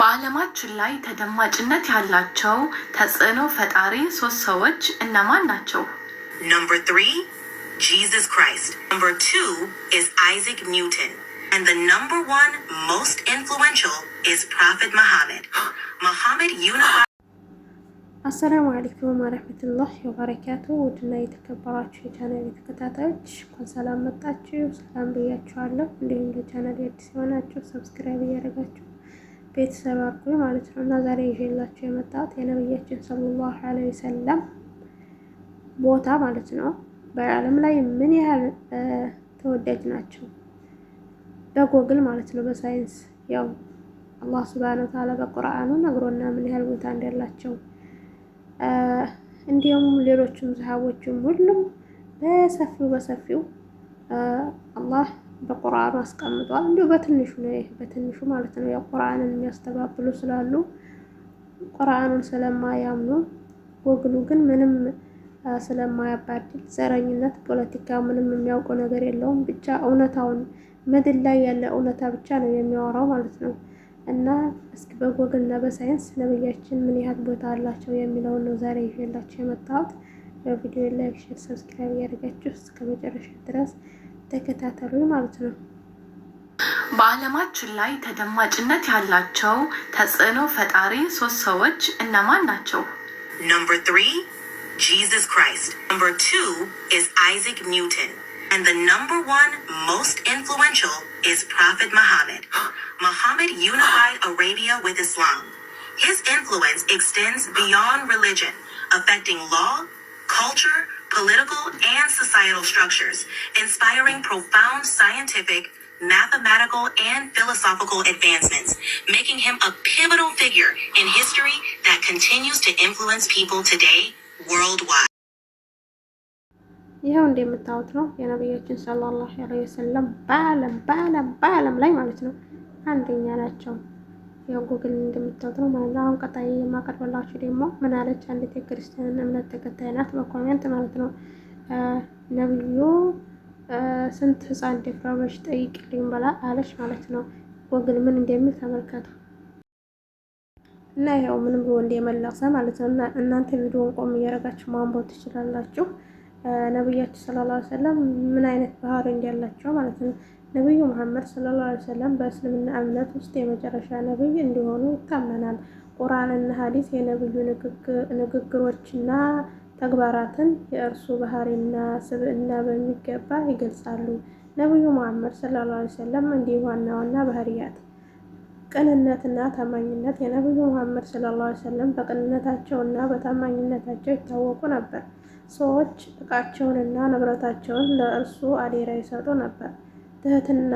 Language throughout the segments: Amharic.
በዓለማችን ላይ ተደማጭነት ያላቸው ተጽዕኖ ፈጣሪ ሶስት ሰዎች እነማን ናቸው? ነምበር ትሪ ጂዘስ ክራይስት፣ ነምበር ቱ ኢዝ አይዛክ ኒውተን and the number one most influential is Prophet Muhammad. Muhammad unified አሰላሙ አለይኩም ወረህመቱላህ ወበረካቱ። ውድና የተከበራችሁ የቻናል ተከታታዮች እንኳን ሰላም መጣችሁ። ሰላም ብያችኋለሁ። እንዲሁም ለቻናል አዲስ የሆናችሁ ሰብስክራይብ እያደረጋችሁ ቤተሰብ አድርጎ ማለት ነው። እና ዛሬ ይዤላችሁ የመጣሁት የነብያችን ሰለላሁ ዐለይሂ ወሰለም ቦታ ማለት ነው በዓለም ላይ ምን ያህል ተወዳጅ ናቸው በጎግል ማለት ነው በሳይንስ ያው አላህ ስብሐነ ወተዓላ በቁርአኑ ነግሮና ምን ያህል ቦታ እንዳላቸው እንዲሁም ሌሎችም ሰሃቦችም ሁሉም በሰፊው በሰፊው አላህ በቁርአኑ አስቀምጧል። እንዲሁ በትንሹ ነው ይሄ በትንሹ ማለት ነው። ያው ቁርአንን የሚያስተባብሉ ስላሉ ቁርአኑን ስለማያምኑ ወግሉ ግን ምንም ስለማያባድል ዘረኝነት፣ ፖለቲካ ምንም የሚያውቀው ነገር የለውም። ብቻ እውነታውን ምድር ላይ ያለ እውነታ ብቻ ነው የሚያወራው ማለት ነው። እና እስኪ በጎግል እና በሳይንስ ነብያችን ምን ያህል ቦታ አላቸው የሚለውን ነው ዛሬ ይዤላቸው የመጣሁት። በቪዲዮ ላይክ፣ ሼር፣ ሰብስክራይብ ያደርጋችሁ እስከ መጨረሻ ድረስ ተከታተሉኝ ማለት ነው። በዓለማችን ላይ ተደማጭነት ያላቸው ተጽዕኖ ፈጣሪ ሶስት ሰዎች እነማን ናቸው? ነምበር ትሪ ጂዘስ ክራይስት፣ ነምበር ቱ ኢዝ አይዛክ ኒውተን and the number one most influential is Prophet Muhammad. Muhammad unified Arabia with Islam. His influence extends beyond religion, affecting law, culture, political, and societal structures, inspiring profound scientific, mathematical, and philosophical advancements, making him a pivotal figure in history that continues to influence people today worldwide. ይኸው እንደምታዩት ነው የነቢያችን ሰለላሁ ዐለይሂ ወሰለም በዓለም በዓለም በዓለም ላይ ማለት ነው አንደኛ ናቸው። ያው ጉግል እንደምታዩት ነው ማለት ነው። አሁን ቀጣይ የማቀርብላችሁ ደግሞ ምን አለች አንዲት የክርስቲያን እምነት ተከታይ ናት በኮሜንት ማለት ነው። ነብዩ ስንት ህፃን ደፍረው ብለሽ ጠይቅልኝ በላ አለች ማለት ነው። ጉግል ምን እንደሚል ተመልከቱ እና ያው ምንም ብሎ እንደመለሰ ማለት ነው። እናንተ ቪዲዮን ቆም እያደረጋችሁ ማንበብ ትችላላችሁ። ነብያችሁ ሰለላሁ ዐለይሂ ወሰለም ምን አይነት ባህሪ እንዳላቸው ማለት ነው ነቢዩ መሐመድ ሰለላሁ ዐለይሂ ወሰለም በእስልምና እምነት ውስጥ የመጨረሻ ነቢይ እንዲሆኑ ይታመናል። ቁርአንና ሀዲስ የነቢዩ ንግግሮችና ተግባራትን የእርሱ ባህሪና ስብዕና በሚገባ ይገልጻሉ። ነቢዩ መሐመድ ሰለላሁ ዐለይሂ ወሰለም እንዲህ ዋና ዋና ባህሪያት ቅንነትና ታማኝነት። የነቢዩ መሐመድ ሰለላሁ ዐለይሂ ወሰለም በቅንነታቸውና በታማኝነታቸው ይታወቁ ነበር። ሰዎች እቃቸውንና ንብረታቸውን ለእርሱ አደራ ይሰጡ ነበር። ትህትና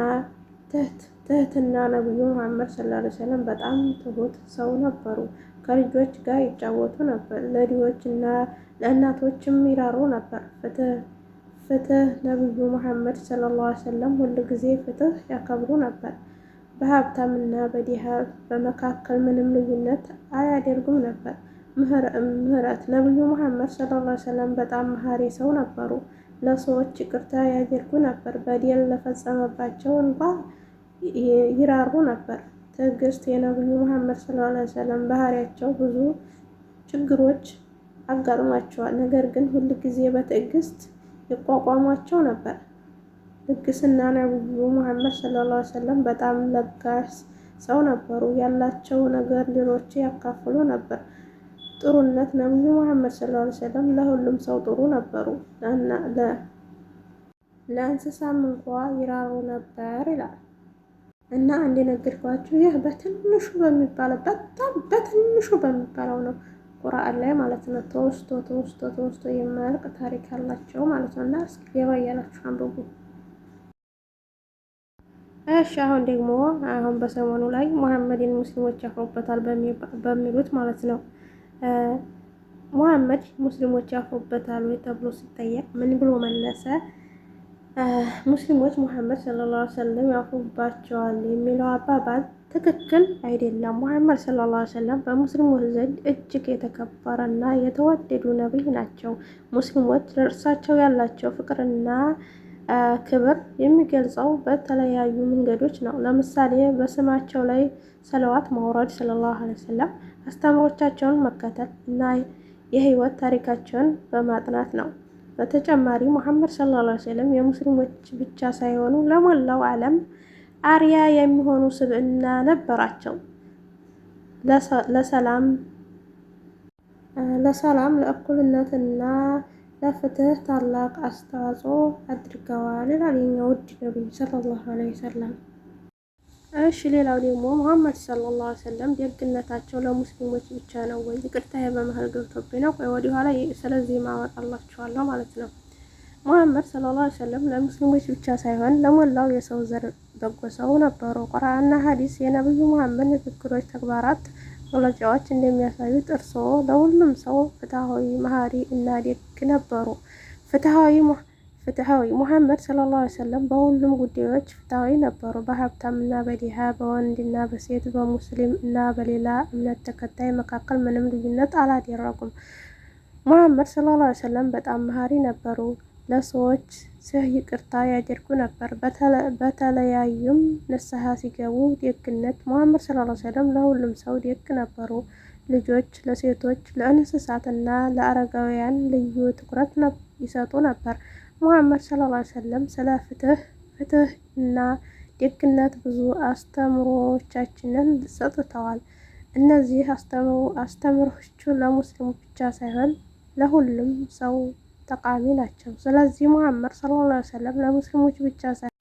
ትህትና ነብዩ መሐመድ ሰለላሁ ዐለይሂ ወሰለም በጣም ትሁት ሰው ነበሩ። ከልጆች ጋር ይጫወቱ ነበር፣ ለድሆች እና ለእናቶችም ይራሩ ነበር። ፍትህ ነብዩ መሐመድ ሰለላሁ ዐለይሂ ወሰለም ጊዜ ፍትህ ያከብሩ ነበር። በሀብታም እና በድሃ በመካከል ምንም ልዩነት አያደርጉም ነበር። ምህረት ነብዩ መሐመድ ሰለላሁ ሰለም በጣም መሀሪ ሰው ነበሩ። ለሰዎች ይቅርታ ያደርጉ ነበር። በደል ለፈጸመባቸው እንኳ ይራሩ ነበር። ትዕግስት የነብዩ መሐመድ ሰለላሁ ሰለም ባህሪያቸው ብዙ ችግሮች አጋጥሟቸዋል። ነገር ግን ሁል ጊዜ በትዕግስት ይቋቋሟቸው ነበር። ልግስና ነብዩ መሐመድ ሰለላሁ ሰለም በጣም ለጋስ ሰው ነበሩ። ያላቸው ነገር ሌሎች ያካፍሉ ነበር። ጥሩነት ነቢዩ መሐመድ ሰለላሁ ዐለይሂ ወሰለም ለሁሉም ሰው ጥሩ ነበሩ፣ ለእንስሳም እንኳ ይራሩ ነበር ይላል። እና እንደነገርኳችሁ ይህ በትንሹ በሚባለው በጣም በትንሹ በሚባለው ነው ቁርአን ላይ ማለት ነው። ተወስቶ ተወስቶ ተወስቶ የማያልቅ ታሪክ አላቸው ማለት ነው። እና እስኪ ገባ እያላችሁ አንብቡ። እሺ አሁን ደግሞ አሁን በሰሞኑ ላይ መሐመድን ሙስሊሞች ያፍሩበታል በሚሉት ማለት ነው ሙሐመድ ሙስሊሞች ያፍሩበታል ወይ ተብሎ ሲጠየቅ ምን ብሎ መለሰ? ሙስሊሞች ሙሐመድ ሰለላሁ ዐለይሂ ወሰለም ያፍሩባቸዋል የሚለው አባባል ትክክል አይደለም። ሙሐመድ ሰለላሁ ዐለይሂ ወሰለም በሙስሊሞች ዘንድ እጅግ የተከበረና የተወደዱ ነብይ ናቸው። ሙስሊሞች ለእርሳቸው ያላቸው ፍቅርና ክብር የሚገልጸው በተለያዩ መንገዶች ነው። ለምሳሌ በስማቸው ላይ ሰለዋት ማውረድ ሰለላሁ ዐለይሂ ወሰለም አስተምሮቻቸውን መከተል እና የህይወት ታሪካቸውን በማጥናት ነው። በተጨማሪ መሐመድ ሰለላሁ ሰለም የሙስሊሞች ብቻ ሳይሆኑ ለሞላው ዓለም አርያ የሚሆኑ ስብዕና ነበራቸው። ለሰላም ለሰላም ለእኩልነትና ለፍትህ ታላቅ አስተዋጽኦ አድርገዋል ይላል የኛ ውድ ሰለላሁ ዐለይሂ ወሰለም። እሺ ሌላው ደግሞ መሐመድ ሰለላሁ ዐለይሂ ወሰለም ደግነታቸው ለሙስሊሞች ብቻ ነው ወይ? ይቅርታ በመሃል ገብቶብኝ ነው። ቆይ ወደ ኋላ ስለዚህ ማወጣላችኋለሁ ማለት ነው። ሙሐመድ ሰለላሁ ዐለይሂ ወሰለም ለሙስሊሞች ብቻ ሳይሆን ለሞላው የሰው ዘር በጎ ሰው ነበሩ። ቁርአንና ሐዲስ የነብዩ መሐመድ ንግግሮች፣ ተግባራት፣ መግለጫዎች እንደሚያሳዩት እርስዎ ለሁሉም ሰው ፍትሃዊ መሐሪ እና ደግ ነበሩ። ፍትሐዊ ፍትሐዊ ሙሐመድ ሰለላሁ ዐለይሂ ወሰለም በሁሉም ጉዳዮች ፍትሐዊ ነበሩ። እና በድሃ በወንድና በሴት በሙስሊም እና በሌላ እምነት ተከታይ መካከል ምንም ልዩነት አላደረጉም። ሙሐመድ ሰለላሁ ዐለይሂ ወሰለም በጣም መሐሪ ነበሩ። ለሰዎች ስህ ይቅርታ ያደርጉ ነበር። በተለያዩም ንስሐ ሲገቡ ደግነት። ሙሐመድ ሰለላሁ ዐለይሂ ወሰለም ለሁሉም ሰው ደግ ነበሩ። ልጆች፣ ለሴቶች፣ ለእንስሳት እና ለአረጋውያን ልዩ ትኩረት ይሰጡ ነበር። ሙሐመድ ሰለላሁ ዐለይሂ ወሰለም ስለ ፍትህ ፍትህ እና ደግነት ብዙ አስተምሮቻችንን ሰጥተዋል። እነዚህ አስተምሮቹ ለሙስሊሞች ብቻ ሳይሆን ለሁሉም ሰው ጠቃሚ ናቸው። ስለዚህ ሙሐመድ ሰለላሁ ዐለይሂ ወሰለም ለሙስሊሞች ብቻ ሳይሆን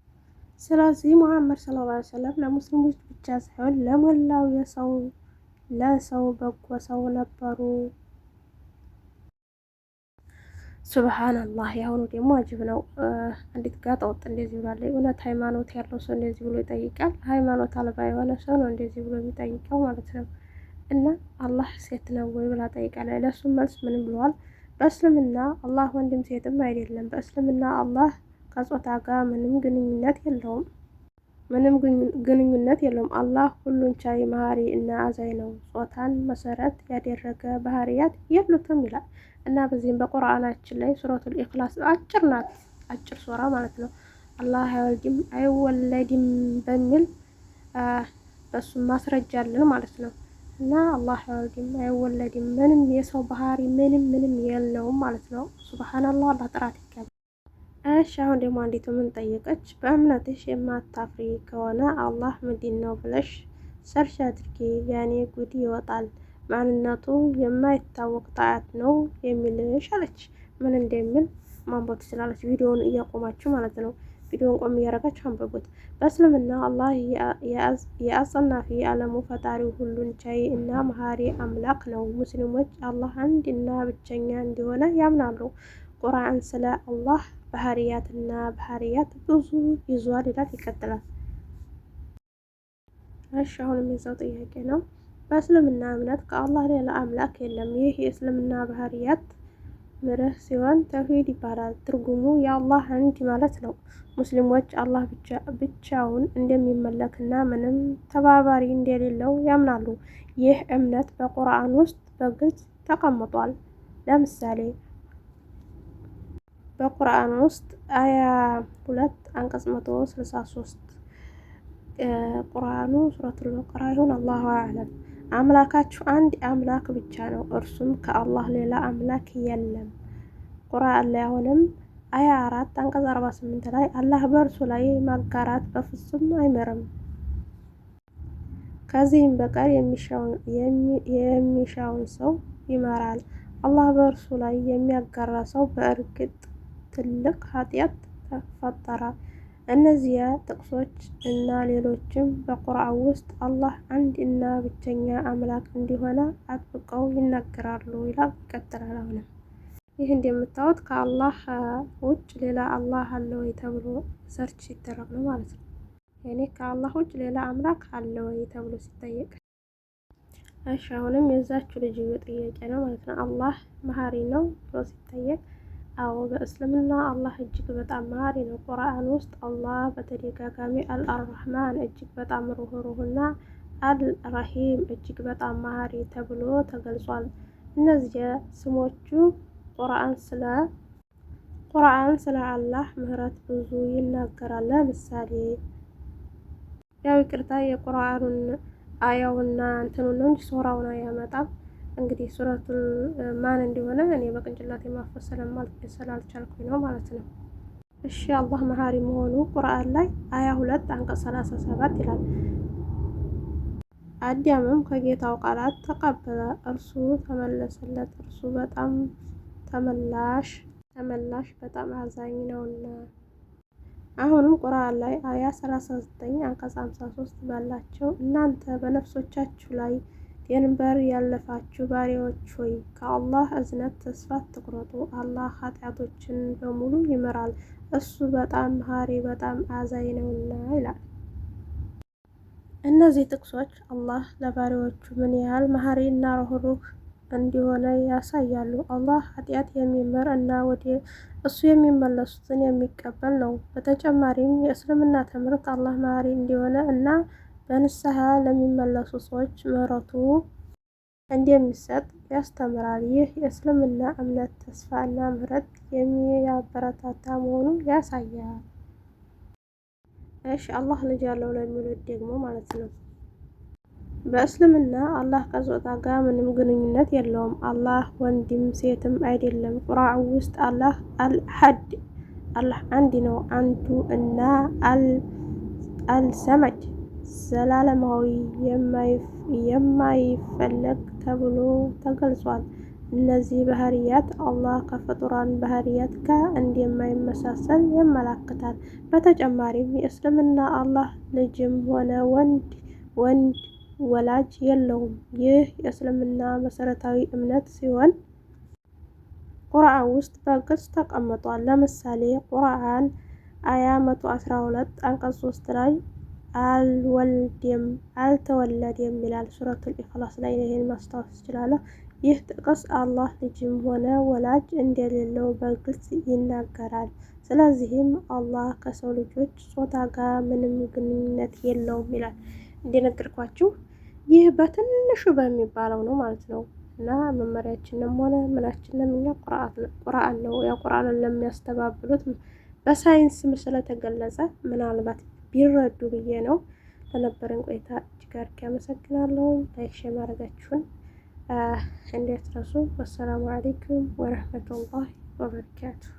ስለዚህ ሙሐመድ ሰለላሁ ዐለይሂ ወሰለም ለሙስሊሞች ብቻ ሳይሆን ለሞላው የሰው ለሰው በጎ ሰው ነበሩ። ሱብሃናላህ የአሁኑ ደግሞ አጅብ ነው። አንዲት ጋጣ ወጥ እንደዚህ ብላለች። እውነት ሃይማኖት ያለው ሰው እንደዚህ ብሎ ይጠይቃል? ሃይማኖት አልባ የሆነ ሰው ነው እንደዚህ ብሎ የሚጠይቀው ማለት ነው። እና አላህ ሴት ነው ወይ ብላ ጠይቃለች። ለእሱም መልስ ምንም ብለዋል። በእስልምና አላህ ወንድም ሴትም አይደለም። በእስልምና አላህ ከጾታ ጋር ምንም ግንኙነት የለውም። ምንም ግንኙነት የለውም። አላህ ሁሉን ቻይ መሀሪ እና አዛኝ ነው። ጾታን መሰረት ያደረገ ባህሪያት የሉትም ይላል እና በዚህም በቁርአናችን ላይ ሱረቱል ኢኽላስ አጭር ናት፣ አጭር ሱራ ማለት ነው። አላህ አይወልድም አይወለድም በሚል በሱም ማስረጃ አለን ማለት ነው። እና አላህ አይወልድም አይወለድም ምንም የሰው ባህሪ ምንም ምንም የለውም ማለት ነው። ሱብሃነላህ አላህ ጥራት ይካል እሺ አሁን ደግሞ አንዲቱ ምን ጠየቀች? በእምነትሽ የማታፍሪ ከሆነ አላህ ምንድን ነው ብለሽ ሰርሽ አድርጊ፣ ያኔ ጉድ ይወጣል። ማንነቱ የማይታወቅ ጣያት ነው የሚልሽ አለች። ምን እንደሚል ማንበብ ትችላለች። ቪዲዮውን እያቆማችሁ ማለት ነው። ቪዲዮውን ቆም እያደረጋችሁ አንብቡት። በእስልምና አላህ የአጸናፊ አለሙ ፈጣሪ ሁሉን ቻይ እና መሀሪ አምላክ ነው። ሙስሊሞች አላህ አንድና ብቸኛ እንደሆነ ያምናሉ። ቁርአን ስለ አላህ ባህርያት እና ባህርያት ብዙ ይዟል ይላል። ይቀጥላል። እሺ አሁን የሚይዘው ጥያቄ ነው። በእስልምና እምነት ከአላህ ሌላ አምላክ የለም። ይህ የእስልምና ባህርያት ምርህ ሲሆን ተውሂድ ይባላል። ትርጉሙ የአላህ አንድ ማለት ነው። ሙስሊሞች አላህ ብቻውን እንደሚመለክና ምንም ተባባሪ እንደሌለው ያምናሉ። ይህ እምነት በቁርአን ውስጥ በግልጽ ተቀምጧል። ለምሳሌ በቁርአን ውስጥ አያ ሁለት አንቀጽ መቶ ስልሳ ሶስት ቁርአኑ ሱረቱል በቀራ ይሁን አላሁ አዕለም። አምላካችሁ አንድ አምላክ ብቻ ነው፣ እርሱም ከአላህ ሌላ አምላክ የለም። ቁርአን ላይ አሁንም አያ አራት አንቀጽ አርባ ስምንት ላይ አላህ በእርሱ ላይ ማጋራት በፍጹም አይምርም። ከዚህም በቀር የሚሻውን ሰው ይመራል። አላህ በእርሱ ላይ የሚያጋራ ሰው በእርግጥ ትልቅ ኃጢአት ተፈጠራ እነዚያ ጥቅሶች እና ሌሎችም በቁርአን ውስጥ አላህ አንድ እና ብቸኛ አምላክ እንዲሆነ አጥብቀው ይናገራሉ ይላል። ይቀጥላል። አሁንም ይህ እንደምታዩት ከአላህ ውጭ ሌላ አላህ አለ ወይ ተብሎ ሰርች ሲደረግ ነው ማለት ነው። እኔ ከአላህ ውጭ ሌላ አምላክ አለ ወይ ተብሎ ሲጠየቅ፣ እሺ አሁንም የዛችሁ ልጅ ጥያቄ ነው ማለት ነው። አላህ መሀሪ ነው ብሎ ሲጠየቅ አዎ በእስልምና አላህ እጅግ በጣም መሀሪ ነው። ቁርአን ውስጥ አላህ በተደጋጋሚ አልአርህማን እጅግ በጣም ሩህሩህና አልራሂም እጅግ በጣም መሀሪ ተብሎ ተገልጿል። እነዚህ ስሞቹ ቁርአን ስለ ቁርአን ስለ አላህ ምህረት ብዙ ይናገራል። ለምሳሌ ያው ይቅርታ የቁርአኑን አያውና እንትኑን እንጂ ሶራውን አያመጣም። እንግዲህ ሱረቱን ማን እንደሆነ እኔ በቅንጭላት የማፈስ ስላልቻልኩኝ ነው ማለት ነው። እሺ አላህ መሀሪ መሆኑ ቁርአን ላይ አያ ሁለት አንቀጽ ሰላሳ ሰባት ይላል። አዳምም ከጌታው ቃላት ተቀበለ፣ እርሱ ተመለሰለት፣ እርሱ በጣም ተመላሽ ተመላሽ በጣም አዛኝ ነውና። አሁንም ቁርአን ላይ አያ 39 አንቀጽ 53 ባላቸው እናንተ በነፍሶቻችሁ ላይ የድንበር ያለፋችሁ ባሪያዎች ሆይ ከአላህ እዝነት ተስፋ አትቁረጡ። አላህ ኃጢአቶችን በሙሉ ይምራል፣ እሱ በጣም መሐሪ በጣም አዛኝ ነውና ይላል። እነዚህ ጥቅሶች አላህ ለባሪያዎቹ ምን ያህል መሀሪ እና ሩህሩህ እንዲሆነ ያሳያሉ። አላህ ኃጢአት የሚምር እና ወደ እሱ የሚመለሱትን የሚቀበል ነው። በተጨማሪም የእስልምና ትምህርት አላህ መሀሪ እንዲሆነ እና በንስሐ ለሚመለሱ ሰዎች ምሕረቱ እንደሚሰጥ ያስተምራል። ይህ የእስልምና እምነት ተስፋ እና ምሕረት የሚያበረታታ መሆኑን ያሳያል። እሺ አላህ ልጅ ያለው ለሚሉት ደግሞ ማለት ነው በእስልምና አላህ ከጾታ ጋር ምንም ግንኙነት የለውም። አላህ ወንድም ሴትም አይደለም። ቁርአን ውስጥ አላህ አልሐድ አላህ አንድ ነው አንዱ እና አልሰመድ ዘላለማዊ የማይፈለግ ተብሎ ተገልጿል። እነዚህ ባህርያት አላህ ከፍጡራን ባህርያት ጋር እንደማይመሳሰል ያመላክታል። በተጨማሪም የእስልምና አላህ ልጅም ሆነ ወንድ ወንድ ወላጅ የለውም። ይህ የእስልምና መሰረታዊ እምነት ሲሆን ቁርአን ውስጥ በግልጽ ተቀምጧል። ለምሳሌ ቁርአን አያ 112 አንቀጽ 3 ላይ አልወልድም አልተወለደም ይላል ሱረቱል ኢኽላስ ላይ ይህን ማስታወስ ይችላለሁ። ይህ ጥቅስ አላህ ልጅም ሆነ ወላጅ እንደሌለው በግልጽ ይናገራል። ስለዚህም አላህ ከሰው ልጆች ጾታ ጋር ምንም ግንኙነት የለውም ይላል። እንደነገርኳችሁ ይህ በትንሹ በሚባለው ነው ማለት ነው እና መመሪያችንም ሆነ ምናችንም እኛ ቁርአን ነው ያ ቁርአንን ለሚያስተባብሉት በሳይንስም ስለተገለጸ ምናልባት ቢረዱ ብዬ ነው። ለነበረን ቆይታ እጅግ አድርጌ አመሰግናለሁ። ላይክ ሼር ማድረጋችሁን እንዳትረሱ። ወሰላሙ አሌይኩም ወረህመቱላሂ ወበረካቱሁ።